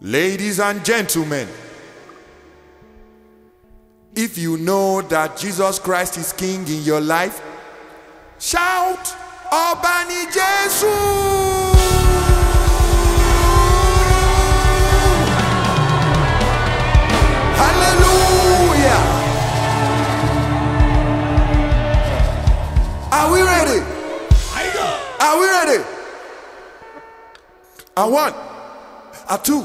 Ladies and gentlemen, if you know that Jesus Christ is King in your life, shout, Obani Jesus! Hallelujah! Are we ready? Are we ready? A one, a two.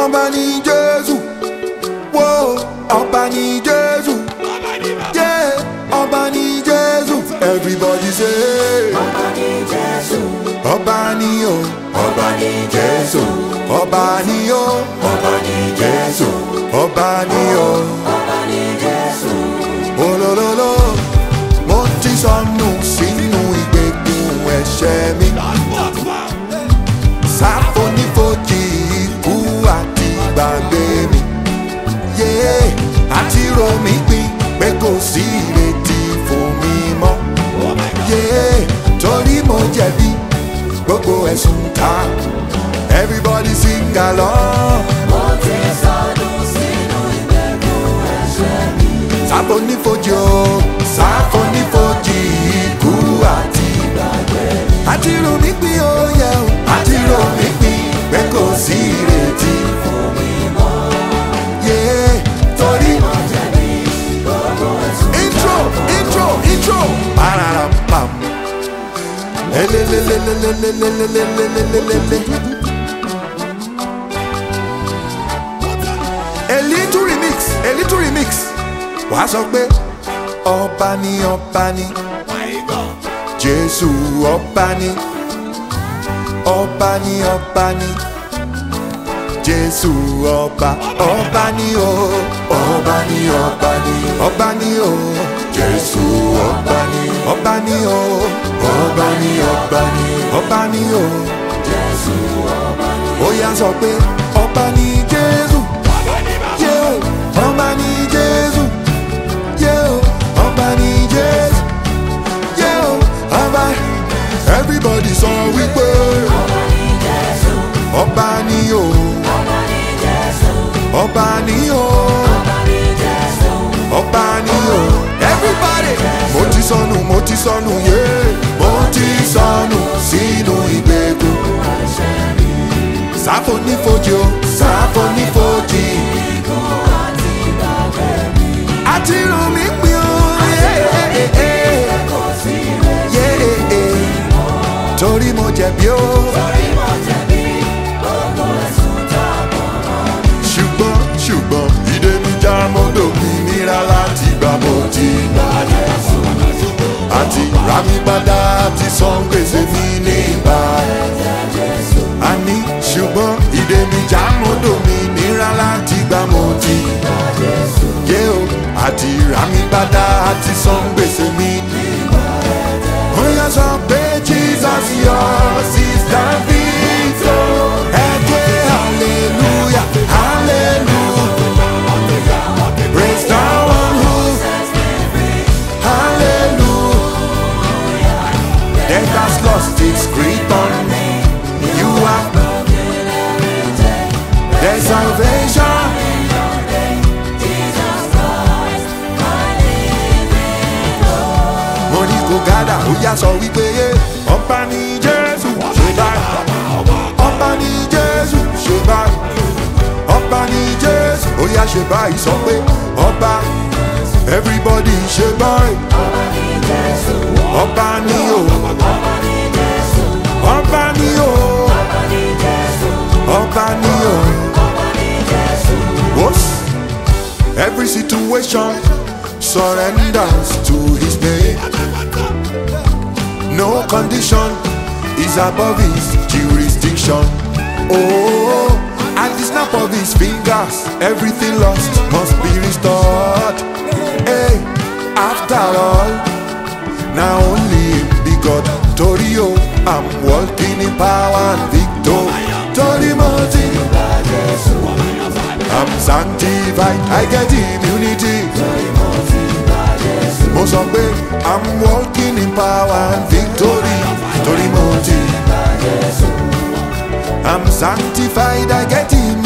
ọba ni jésù wo ọba ni jésù yé ọba ni jésù everybody say ọba ni jésù ọba ni o ọba ni jésù ọba ni o ọba ni jésù àfonífojì o. sáfonífojì ikú àti ìgbàgbé. àti rumi pín oyè o. àti rumi pín pé kò sí ìrètí intro intro intro. a sọ pé ọba ni ọba ni Jésù ọba ni ọba ni ọba ni Jésù ọba ọba ni o ọba ni ọba ni ọba ni o Jésù ọba ni ọba ni o ọba ni ọba ni ọba ni o Jésù ọba ni ó yá sọ pé ọba ni Jésù. ni o. ọba ni Jésù. ọba ni o. ọba ni o. everybody. mo ti sọnù mo ti sọnù yé. mo ti sọnù sínú ìgbèkùn. sáfò nífojì o. sáfò nífojì. ikú àti bàbá mi. àti ràn mí pín o. torí mo jẹ̀bi o. dòmìnira láti gbà mo ti yé o àti rà mí padà àti san gbèsè. wòlíì a sọ wípé ọba ni jésù ṣe báyìí ọba ni jésù ṣe báyìí ọba ni jésù ó yá ṣe báyìí sọ pé ọba everybody ṣe báyìí ọba ni o ọba ni o ọba ni o every situation surrenders to him no condition is above his jurisdiction. Oh, at the snap of his fingers, everything lost must be restored. Hey, after all, now only the God Torio, I'm walking in power and victory. Tori I'm sanctified, I get immunity. sọ pé i'm walking in power and victory torí mo ti i'm sanctified i get it.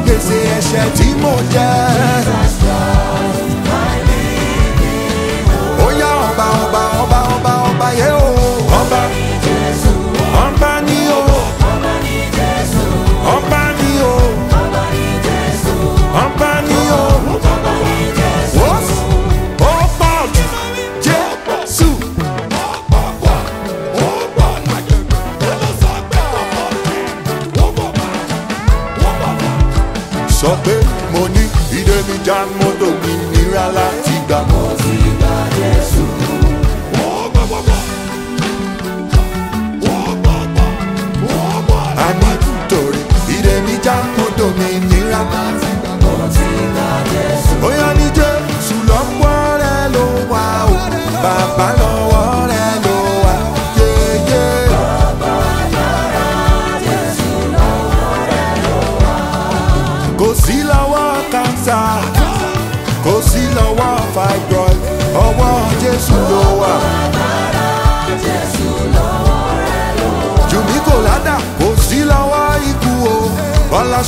Because ẹ̀ṣẹ̀ tí mo jẹ. Jesus Christ. got more.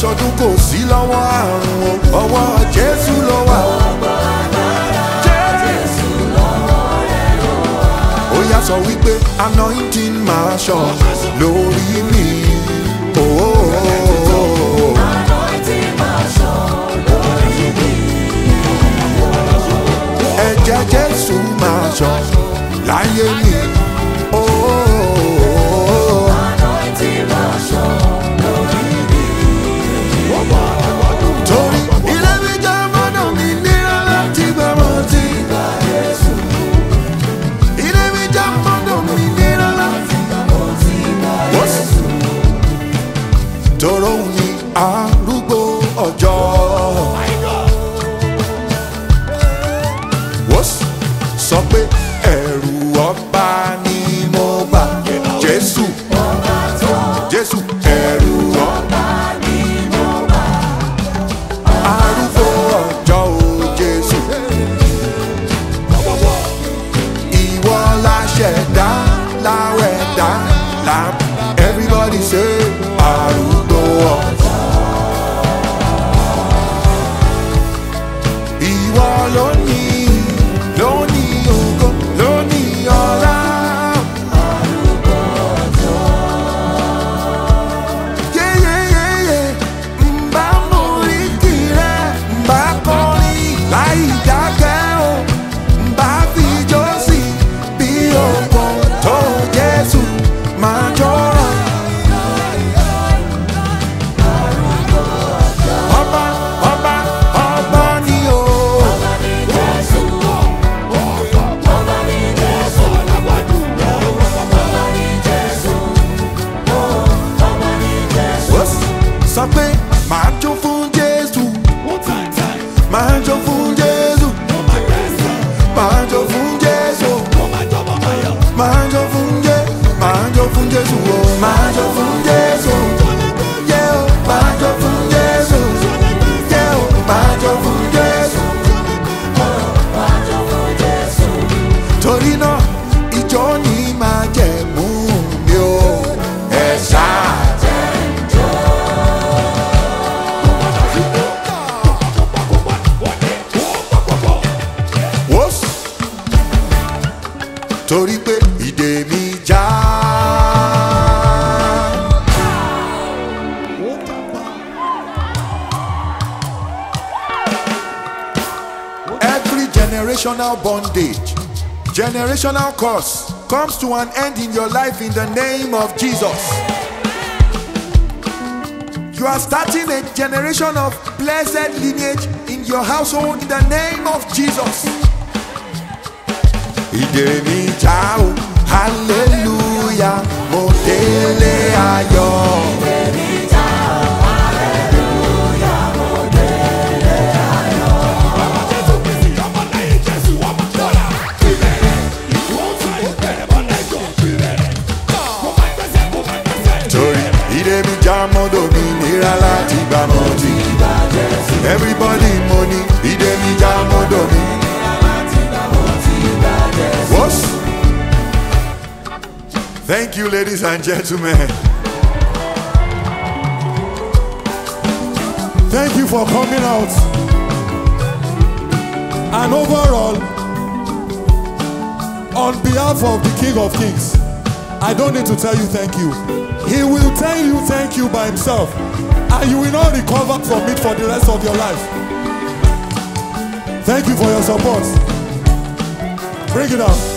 sọdún kò sí lọ́wọ́ àrùn o ọwọ́ Jésù ló wà o. ó yá sọ wípé anointing máa sọ lórí mi. ẹ̀jẹ̀ Jésù máa sọ láyé mi. tọrọ òun ni arúgbó ọjọ́. sọ pé ẹ̀rù ọba ni mo bá Jésù Jésù ẹ̀rù ọba ni mo bá la ṣẹ̀dá la la everybody say. generational bondage, generational curse comes to an end in your life in the name of Jesus. You are starting a generation of blessed lineage in your household in the name of Jesus. Hallelujah. Thank you, ladies and gentlemen. Thank you for coming out. And overall, on behalf of the King of Kings, I don't need to tell you thank you. He will tell you thank you by himself, and you will not recover from it for the rest of your life. Thank you for your support. Bring it up.